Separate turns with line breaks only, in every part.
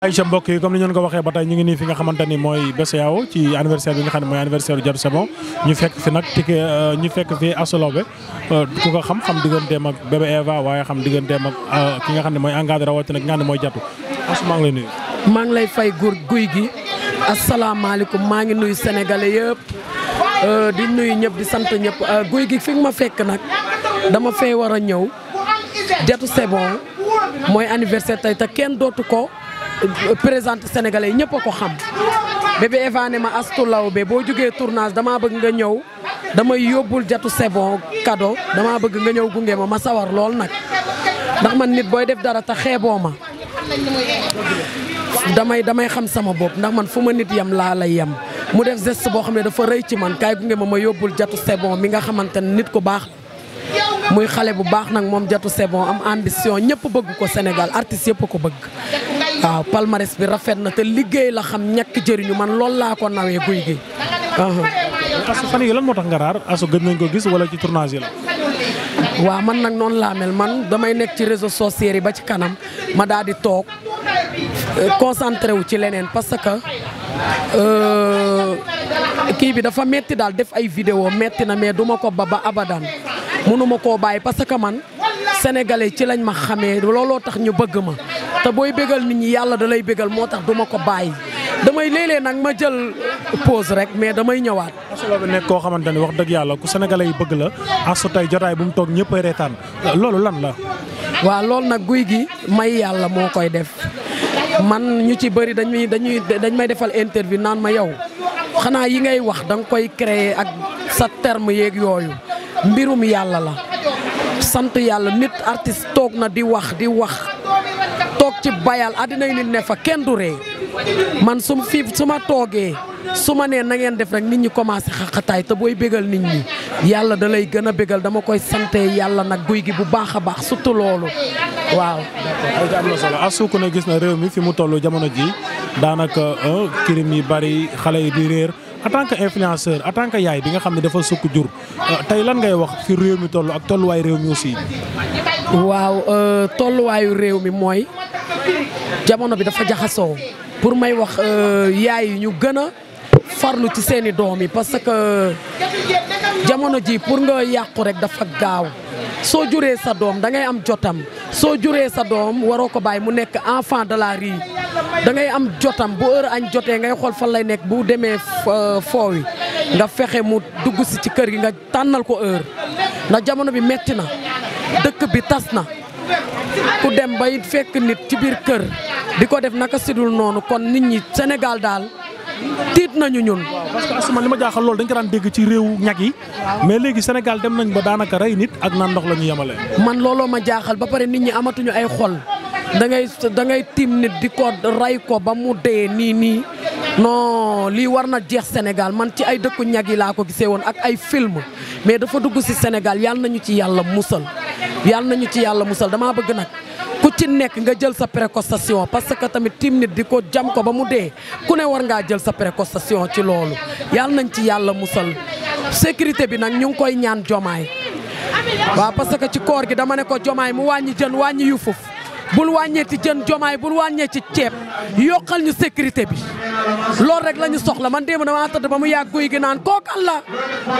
ay Aïcha mbokk yi comme ni ñu ko waxee ba tey ñu ngi nii fi nga xamante ni mooy BCEAO ci anniversaire bi nga xam ne mooy anniversaire Diatou Savon ñu fekk fi nag ticket euh, ñu fekk fi asolobe euh, ku ko xam xam digganteem ak bébé waaye xam digganteem ak euh, ki nga xam ne mooy engagé rawatina ki nga xam ne mooy Diatou asu maa ngi lay maa ngi lay fay
góor guy gi asalaamaaleykum maa ngi nuyu sénégalais yëpp di nuyu ñëpp di sant ñëpp guy gi fi nga ma fekk nag dama fee war a ñëw jatu Savon mooy anniversaire tey te kenn dootu ko. présente sénégalais ñëpp a ko xam bébé Eva ne ma Astou Laobé boo jógee tournage damaa bëgg nga ñëw damay yóbbul jatu sebon kado damaa bëgg nga ñëw gunge ma ma sawar lool nag ndax man nit booy def dara te xeeboo ma damay damay xam sama bopp ndax man fu ma nit yem laa lay yem mu def geste boo xam ne dafa rëy ci man kaay gunge ma yóbbul jatu sebon mi nga xamante ne nit ku baax muy xale bu baax nag moom jatu c'est am ambition ñëpp bëgg ko Sénégal artistes yëpp ko bëgg waaw palmarès bi rafet na te liggéey la xam ñàkk jëriñu man loolu laa ko nawee guy gi asu fan yi lan moo tax nga raar asu
gën nañ ko gis wala ci tournage
yi waaw man nag noonu laa mel man damay nekk ci réseau sociaux yi ba ci kanam ma daal di toog euh, concentré wu ci leneen parce que Euh, kii bi dafa metti daal def ay vidéo metti na mais duma ko ba ba abadan mënuma koo bàyyi parce que man sénégalais ci lañ ma xamee looloo tax ñu bëgg ma te booy bégal nit ñi yàlla da lay bégal moo tax duma ko bàyyi damay léeg nag ma jël poose rek mais damay ñëwaat.
asalaamaaleykum nekk koo xamante ne wax dëgg yàlla ku sénégalais yi bëgg la asu jotaay bu mu toog ñëpp a reetaan loolu lan la. waaw loolu nag guy gi may yàlla moo koy def. man ñu ci bari dañuy
dañuy dañ may defal interview naan ma yow xanaa yi ngay wax danga koy créer ak sa terme yeeg yooyu mbirum yàlla la sant yàlla nit artiste toog na di wax di wax toog ci bayal àddina yi nit ne fa kenn du ree man su fi su ma toogee su ma nee na ngeen def rek nit ñi commencé xaqataay te booy bégal nit ñi yàlla da lay gën a bégal dama koy sante yàlla nag guy gi bu baax a baax surtout loolu waaw.
d'accord am na solo Astou ku ne gis na réew mi fi mu toll jamono ji daanaka euh, crime yi bari xale yi di réer en tant que influenceur en tant que yaay bi nga xam ne dafa sukk jur euh, tey lan ngay wax fi réew mi toll ak tolluwaay réew mi aussi. waaw
euh, tolluwaayu réew mi mooy jamono bi dafa jaxasoo pour may wax yaay yi ñu gën a farlu ci seeni doom yi parce que jamono ji pour nga yàqu rek dafa gaaw soo juree sa doom da ngay am jotam soo juree sa doom waroo ko bàyyi mu nekk enfant de la rue da am jotam bu heure añ jotee ngay xool fan lay nekk bu demee foowi nga fexe mu dugg si ci kër gi nga tànnal ko heure ndax jamono bi metti na dëkk bi tas na ku dem bay fekk nit ci biir kër di ko def naka sidul noonu kon nit
ñi senegal daal tiit nañu ñun. parce que asuma li ma jaaxal loolu dañ ko daan dégg ci réewu ñag yi. mais léegi Sénégal dem nañ ba daanaka rey nit ak naan ndox la ñu yemale. man looloo ma jaaxal ba
pare nit ñi amatuñu ay xol da ngay da ngay tiim nit di ko rey ko ba mu dee nii nii non lii war na jeex Sénégal man ci ay dëkku ñag yi laa ko gisee woon ak ay film mais dafa dugg si Sénégal yàlla nañu ci yàlla musal yàlla nañu ci yàlla musal damaa bëgg nag. ku ci nekk nga jël sa précaution parce que tamit tim nit di ko jam ko ba mu dee ku ne war ngaa jël sa précaution ci loolu yàlla nañ ci yàlla musal sécurité bi nag ñu ngi koy ñaan jomaay waaw parce que ci koor gi dama ne ko jomaay mu wàññi jën wàññi yufuf bul wàññee wàññeeti jën jomaay bul ci ceeb yokkal ñu sécurité bi loolu rek la ñu soxla man démb damaa tëdd ba mu yàgg guy gi naan kookal la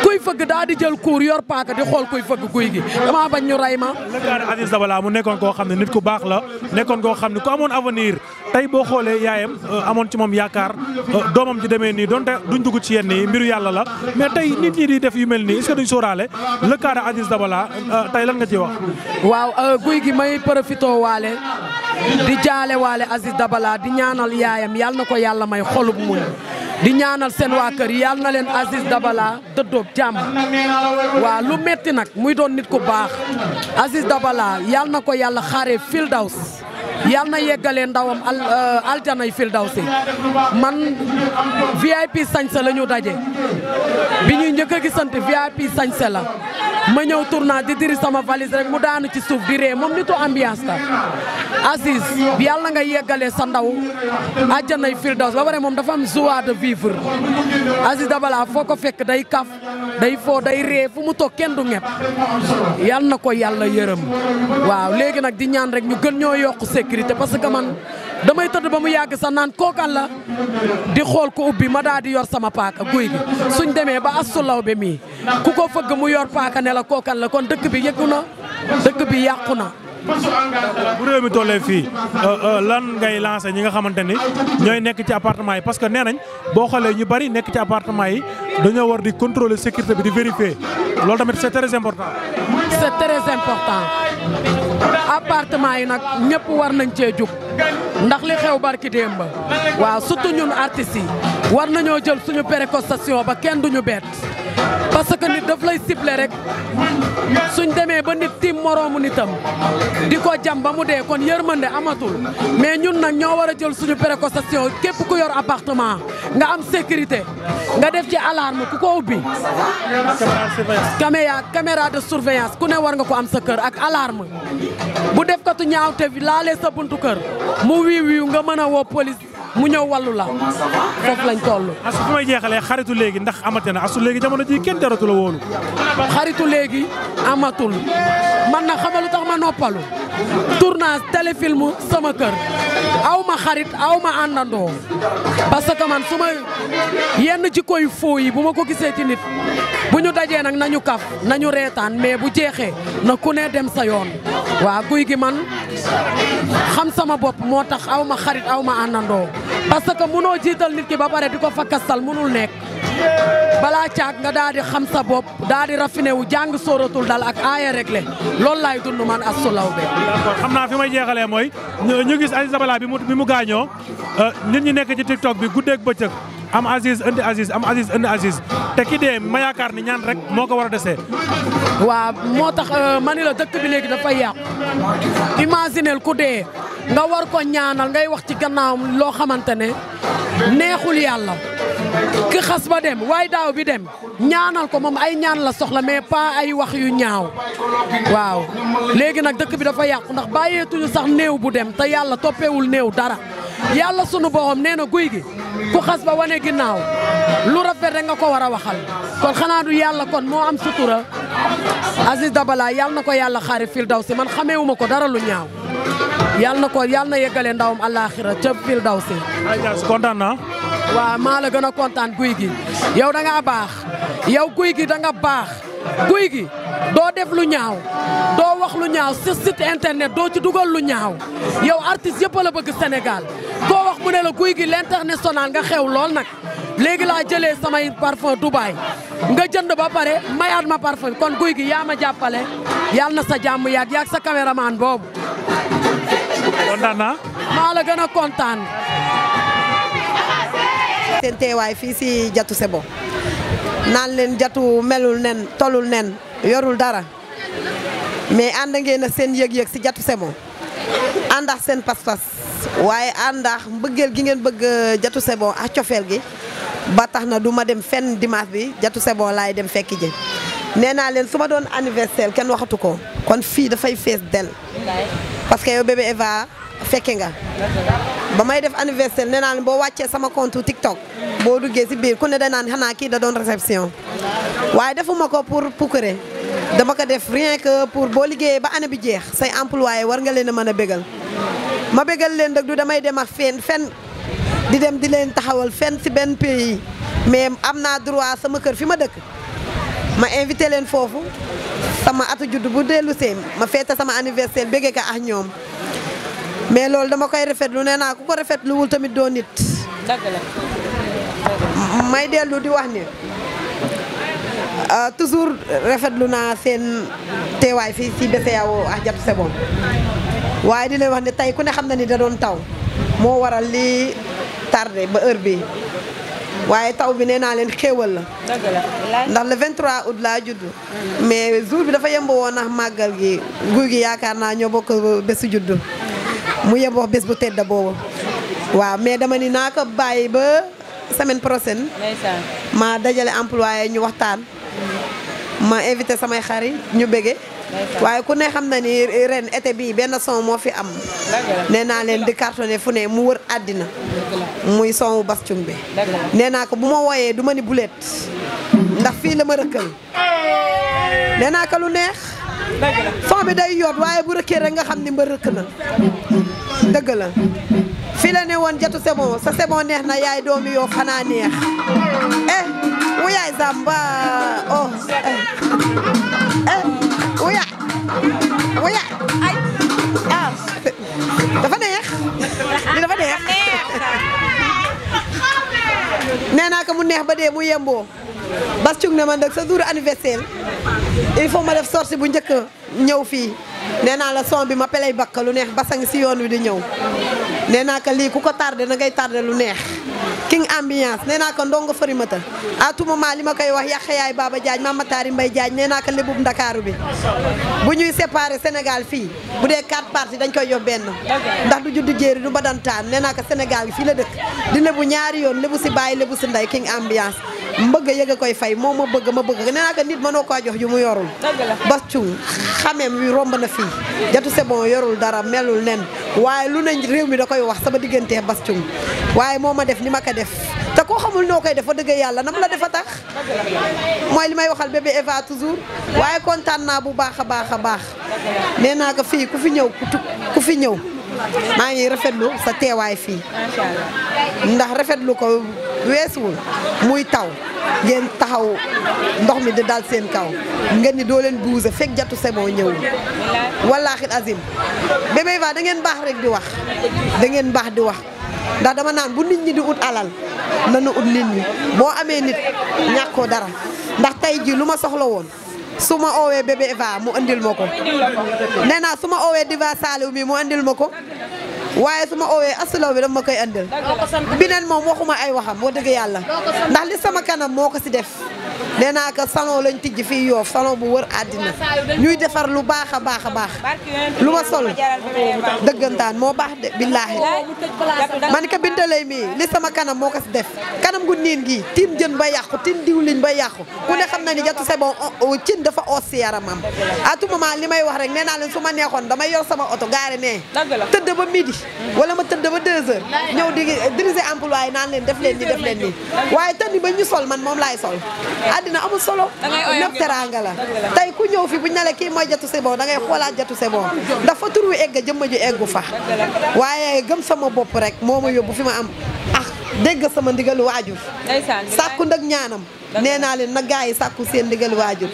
kuy fëgg daa di jël kuur yor paaka di xool kuy fëgg guy gi damaa bañ ñu rey ma. lëkkaale Aziz Dabala mu nekkoon koo xam ne nit ku baax la nekkoon koo xam ne ku amoon avenir tey boo xoolee yaayam euh, amoon ci moom yaakaar euh, doomam ci demee nii donte duñ dugg ci yenn yi mbiru yàlla la mais tey nit ñi di def yu mel nii est-ce que duñ sóoraale le cas de Dabala euh, tey lan nga ciy wax.
waaw guy gi may profité waale di jaale waale Aziz Dabala di ñaanal yaayam yàlla na ko yàlla may xolub muñ di ñaanal seen waa kër yi yàlla na leen Aziz Dabala dëddoog jàmm waaw lu metti nag muy doon nit ku baax Aziz Dabala yàlla na ko yàlla xaaree Firdaws yal na yeggalee ndawam al euh, aljanay fil daw si man VIP sañse la ñu daje bi ñuy njëkk a gisante VIP sañse la ma ñëw tournant di diri sama valise rek mu daanu ci suuf di ree moom nitu ambiance la Aziz yàlla na nga yeggalee sa ndaw àjjanay firdaws ba pare moom dafa am joie de vivre Aziz Dabala foo ko fekk day kaf day foo day ree fu mu toog kenn du ñepp yal na ko yàlla yërëm waaw léegi nag di ñaan rek ñu gën ñoo yokk sécurité parce que man damay tëdd ba mu yàgg sa naan kookan la di xool ko ubbi ma daa di yor sama paaka guy gi suñ demee ba assulaw be mii ku ko fëgg mu yor paaka ne la kookan la kon dëkk bi yëggu na dëkk bi yàqu na.
bu réew mi tollee fii euh, euh, lan ngay lancé ñi nga xamante ni ñooy nekk ci appartement yi parce que nee nañ boo xoolee ñu bari nekk ci appartement yi dañoo war di contrôler sécurité bi di vérifier loolu tamit c'est très important.
c'est très important appartement yi nag ñëpp war nañ cee jug ndax li xew barki démb waaw surtout ñun artistes yi war nañoo jël suñu précaution ba kenn duñu bett. parce que nit daf lay sible rek suñ demee ba nit tim moroomu nitam di ko jam ba mu dee kon yërmande amatul mais ñun nag ñoo war a jël suñu précaution képp ku yor appartement nga am sécurité nga def ci alarme ku ko ubbi. caméra caméra de surveillance ku ne war nga ko am sa kër ak alarme bu def katu ñaawte bi laalee sa mu wiiw wiiw nga mën a woo police. mu ñëw wàllu la foofu lañ toll.
asu fi may xaritu léegi ndax amate na asu léegi jamono ji kenn jaratu la wóolu. xaritu léegi amatul
man na xamal tax ma noppalu tournage téléfilm sama kër aw ma xarit aw ma àndandoo parce que man su yenn ci koy foo yi bu ma ko gisee ci nit bu ñu dajee nag nañu kaf nañu reetaan mais bu jeexee na ku ne dem sa yoon waa guy man xam sama bopp moo tax aw ma xarit aw ma àndandoo parce que mënoo jiital nit ki ba pare di ko fakastal mënul nekk balaa caag nga daal di xam sa bopp daal di raffiné wu jàng sóoratul dal ak aaya réglé
loolu laay dund man Astou Laobé. d'accord xam naa fi may jeexalee mooy ñu gis Aziz Dabala bi mu bi mu gaañoo euh, nit ñi nekk ci TikTok bi guddeeg bëccëg. am Aziz indi Aziz am Aziz indi Aziz te ki dee ma yaakaar ni ñaan rek moo ko war a dese
waaw moo tax euh, mani la dëkk bi léegi dafay
yàqu
imaginel ku dee nga war ko ñaanal ngay wax ci gannaawam loo xamante ne neexul yàlla. ki xas ba dem waaye daaw bi dem ñaanal ko moom ay ñaan la soxla mais pas ay wax yu ñaaw waaw léegi nag dëkk bi dafa yàqu ndax bàyyeetuñu sax néew bu dem te yàlla toppeewul néew dara yàlla sunu borom nee na guy gi ku xas ba wane ginnaaw lu rafet rek nga ko war a waxal kon xanaa du yàlla kon moo am sutura Aziz Dabala yàlla na ko yàlla xaari fil si man xamee ma ko dara lu ñaaw yàlla na ko yàlla na yeggale ndawam àllaaxira ca fil daw si. kontaan naa. maa la gën a kontaan guy gi yow danga nga baax yow guy gi da nga baax guy gi doo def lu ñaaw doo wax lu ñaaw sa site internet doo ci dugal lu ñaaw yow artiste yëpp la bëgg Sénégal. wax mu ne la guy gi l'international nga xew lool nag léegi laa jëlee samay parfum Dubaay nga jënd ba pare mayaat ma parfum kon guy gi yaa ma jàppale yàlla na sa jàmm yàgg yàgg sa caméraman boobu. kontaan naa. maa la gën a kontaan.
seen teewaay fii si Jatu Sebo naan leen Jatu melul nen tolul nen yorul dara mais ànd ngeen na seen yëg-yëg si Jatu Sebo àndax seen pas-pas. waaye àndaax mbëggeel gi ngeen bëgg Diatou euh, c'est ak cofeel gi ba tax na du ma dem fenn dimanche bi jatu sebon laay dem fekk ji nee naa leen su ma doon anniversaire kenn waxatu ko kon fii dafay fees del parce que yow bébé Eva fekke nga ba may def anniversaire nee naa leen boo wàccee sama compte TikTok boo duggee si biir ku ne da naan xanaa kii da doon réception waaye defuma ko pour pukkare dama ko def rien que pour boo liggéeyee ba année bi jeex say employé war nga leen a mën a bégal ma bégal leen nag du damay dem ak fenn di dem di leen taxawal fenn si benn pays mais am naa droit sama kër fi ma dëkk ma invité leen foofu sama at juddu bu dellu see ma feete sama anniversaire béggee ka ak ñoom mais loolu dama koy rafetlu nee naa ko ko rafetluwul tamit doo nit. dëgg la may dellu di wax ni euh, toujours rafetlu naa seen teewaay fii si Besseyao ak Diatou Sebon waaye di dina wax ne tey ku ne xam na ni da doon taw moo waral li tardé ba heure bi waaye taw bi nee naa leen xéewal la. ndax le 23 août laa juddu mais jour bi dafa yemb woon ak màggal gi guy gi yaakaar naa ñoo bokk bésu judd. mu yemboo bés bu tedd boobu. waaw mais dama ni naa ko bàyyi ba semaine prochaine. ma dajale employé ñu waxtaan. ma invité samay xarit ñu bége waaye ku ne xam na ni ren été bii benn son moo fi am nee naa leen di cartonné fu ne mu wër àddina muy son wu bi nee naa ko bu ma wooyee du ma ni bulet ndax fii la ma rëkkal nee naa ko lu neex son bi day yoot waaye bu rëkkee rek nga xam ni mba rëkk na dëgg la fii la ne woon jatu c'est bon sa c'est bon neex na yaay doomi yoo xanaa neex eh wu yaay zamba oh eh, eh. wuya wuya ay dafa neex li dafa neex nee naa ko mu neex ba dee mu yemboo bas cung ne man nag sa jour anniversaire il faut ma def sortie bu njëkk ñëw fii nee naa la son bi ma pelay bakk lu neex basang si yoon wi di ñëw nee naa lii ku ko tàrde na ngay tardé lu neex king ambiance nee naa ko ndongo farimata à tout li ma koy wax yàq yaay Baba Diagne Mama Tari Mbaye Diagne nee naa ko lébub ndakaaru bi bu ñuy séparé Sénégal fii bu dee quatre parties dañ koy jox benn ndax du juddu jéeri du badantaan nee naa ko Sénégal fii la dëkk di lébu ñaari yoon lébu si bàyyi lébu si ndey king ambiance mbëgg yëg a koy fay moom ma bëgg ma bëgg nee naa ko nit mënoo koo jox ju mu yorul bas cung xameem wi romb na fii jatu sebon yorul dara melul nen waaye lu nañ réew mi da koy wax sama diggantee bas cung waaye moo ma def ni ma ko def te koo xamul noo koy def dafa dëgg yàlla nam la def a tax mooy li may waxal bébé Eva toujours waaye kontaan naa bu baax a baax a baax nee naa ko fii ku fi ñëw ku fi ñëw maa ngi rafetlu sa teewaay fii ndax rafetlu ko weesuwul muy taw ngeen taxaw ndox mi di dal seen kaw ngeen ni doo leen buuse fekk jatu semoo ñëwul wallaaxil azim Bébé Viva da ngeen baax rek di wax da ngeen baax di wax ndax dama naan bu nit ñi di ut alal nanu ut nit ñi boo amee nit ñàkkoo dara ndax tey ji lu ma soxla woon su ma oowee Bébé Viva mu andil ma ko nee naa su ma oowee Diva Saliou mi mu andil ma ko waaye su ma owee asalaw bi dama ma koy andil bineen moom waxuma ay waxam wax dëgg yàlla ndax li sama kanam moo ko si def nee naa ko salon lañ tijji fii yoof salon bu wër àddina ñuy defar lu baax a baax a baax lu ma sol dëggantaan moo baax de billaahi man ka bintalay mii li sama kanam moo ko si def kanam gu niin gi tiim jën ba yàqu tiim diwliñ ba yàqu ku ne xam na ni jatu sebon cin dafa oos si yaramam à li may wax rek nee naa leen su ma neexoon damay yor sama oto gaare nee tëdd ba midi wala ma tëdd ba deux heures ñëw di diriger emploi yi naan leen def leen ni def leen nii waaye tënni ba ñu sol man moom laay sol àddina amul solo lépp teraanga la tey ku ñëw fi bu ñu kii mooy jatu sebon da ngay xoolaat jatu sebon dafa tur wi egg jëmma ju eggu fa waaye gëm sama bopp rek moo ma yóbbu fi ma am ah dégg sama ndigalu waajur sàkku ndag ñaanam nee naa leen na gars yi sàkku seen ndigal waajur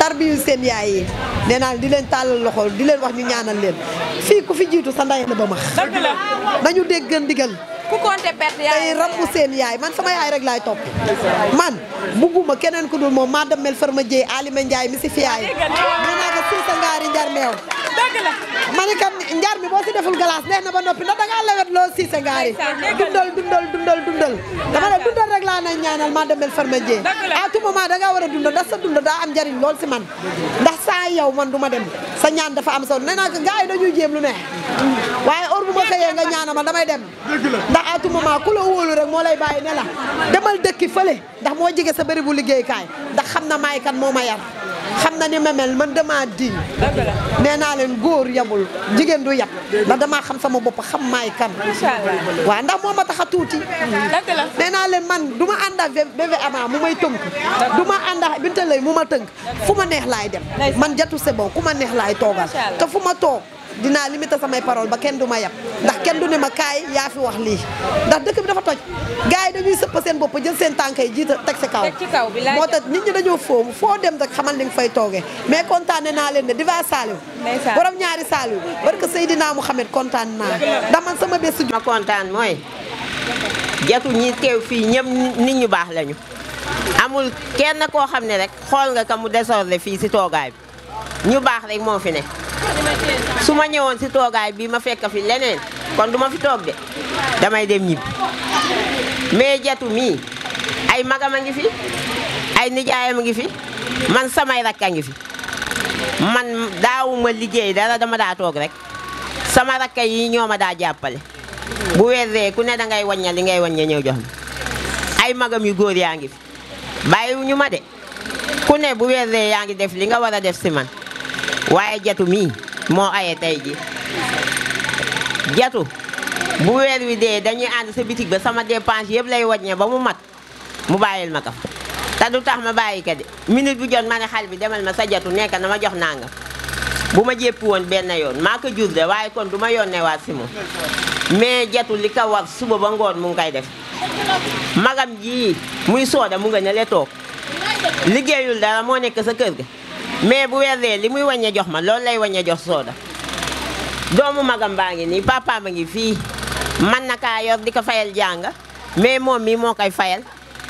tarbiyu seen yaay yi nee naa leen di leen tàllal loxo di leen wax ñu ñaanal leen fii ku fi jiitu sa ndey la ba ma nañu dégg ndigal ku compté perte yaay tey rabu seen yaay man sama yaay rek laay topp man bugguma keneen ku dul moom maa dem mel farma jéey Alima Ndiaye mi si fi yaay nee naa ko suusa ngaari njar meew dëgg la ma ni kat njar mi boo si deful glace neex na ba noppi ndax da ngaa lewet lool siise ngaari dundal dundal dundal dundal dama ne dundal rek laa na ñaanal maa demel farma jee à tout moment da ngaa war a dundal ndax sa dundal daa am njariñ lool si man ndax saa yow man du ma dem sa ñaan dafa am solo nee naa ko gars yi dañuy jéem lu ne waaye heure bu ma xëyee nga ñaana ma damay dem ndax à tout moment ku la wóolu rek moo lay bàyyi ne la demal dëkki fële ndax moo jege sa bëri bu liggéeykaay ndax xam na maay kan moo ma yar xam na ni ma man damaa diñ nee naa leen góor yamul jigéen du yab ndax damaa xam sama bopp xam maay kan waa ndax moo ma tax a tuuti nee naa leen man du ma ànd ak bébé ama mu may tënk du ma ànd ak binta lay mu ma tënk fu ma neex laay dem man jatu c'est ku ma neex laay toogal te fu ma toog dinaa limité samay parole ba kenn du ma yab ndax kenn du ne ma kaay yaa fi wax lii ndax dëkk bi dafa toj gars yi dañuy sëpp seen bopp jël seen tànk yi jiita teg si kaw moo tax nit ñi dañoo foomu foo dem rek xamal ni nga fay toogee mais kontaane naa leen ne diva Saliou borom ñaari Saliou barke Seydina Mouhamed kontaan naa ndax man sama bés ma kontaan mooy jatu
ñi teew fii ñëpp nit ñu baax lañu amul kenn koo xam ne rek xool nga kam mu désordre fii si toogaay bi ñu baax rek moo fi ne su ma ñëwoon si toogaay bii ma fekk fi leneen kon duma fi toog de damay dem ñibbi mais jatu mii ay magam a ngi fi ay nijaayam a ngi fi man samay rakk a ngi fi man daawuma liggéey dara dama daa toog rek sama rakk yi ñoo ma daa jàppale bu weer ku ne dangay ngay wañña li ngay wañña ñëw jox ay magam yu góor yaa ngi fi bàyyiwuñu ma de ku ne bu weer yaa ngi def li nga war a def si man waaye jatu mii moo aye tey ji jatu bu weer wi dee dañuy ànd sa bitig ba sama dépense yëpp lay wàññee ba mu mat mu bàyyil ma ko te du tax ma bàyyi ka de minute bu jot ma ne xal bi demal ma sa jatu nekk na ma jox nangam bu ma jéppi woon benn yoon maa ko de waaye kon du ma yónneewaat si moom mais jatu li ko war suba ba ngoon mu ngi koy def magam jii muy sooda mu nga ne le liggéeyul dara moo nekk sa kër gi mais bu weer dee li muy wàññe jox ma loolu lay wàññe jox sooda doomu magam baa ngi nii papa ma ngi fii man na kaa di ko fayal jàng mais moom mii moo koy fayal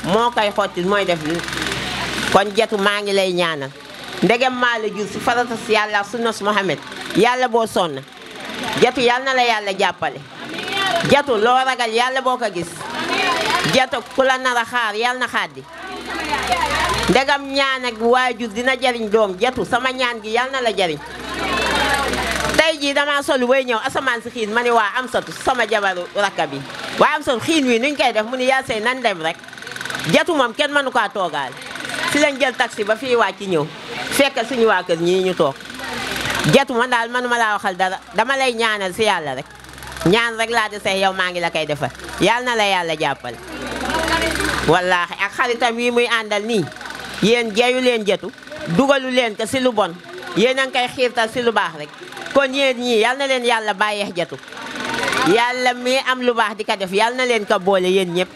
moo koy xotti mooy def li kon jetu maa ngi lay ñaanal ndegem maa la jur si farata yàlla sunna su Muhammad yàlla boo sonn jetu yàlla la yàlla jàppale jatu loo ragal yàlla boo ko gis jetu ku la nar xaar yàlla na xaaddi ndegam ñaan ak waajur dina jariñ doom jatu sama ñaan gi yal na la jariñ tey jii dama sol way ñëw asamaan si xiin ma ni waa amsatu sama jabaru rakka bi waa amsatu xiin wi nuñ koy def mu ni yaa nan dem rek jatu moom kenn mënu kaa toogaal si lañ jël taxi ba fii ci ñëw fekk suñu waa kër ñii ñu toog jatu man daal manuma laa waxal dara dama lay ñaanal si yàlla rek ñaan rek laa desee yow maa ngi la koy defal yàlla na la yàlla jàppal wallaahi ak xaritam muy àndal nii yéen jeeyu leen jetu dugalu leen ko si lu bon yéen a ngi koy xiirtal si lu baax rek kon yéen ñii yal na leen yàlla bàyyeex jetu yàlla mi am lu baax di ko def yal na leen ko boole yéen ñëpp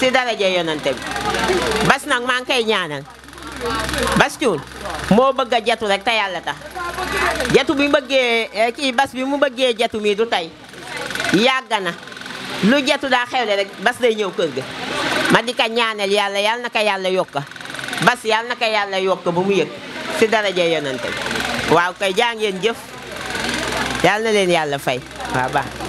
si daraja yonante bi bas nag maa ngi koy ñaanal bas cuun moo bëgg a jetu rek te yàlla tax jetu bi bëggee eh, kii bas bi mu bëggee jetu mii du tey yàgg na lu jetu daa xewle rek bas day ñëw kër ma di ko ñaanal yàlla yal na ko yàlla yokka bas yàlla na ko yàlla yokk ba mu yëg si daraja yonante waaw kay jaa ngeen jëf yàlla na leen yàlla fay waaw baax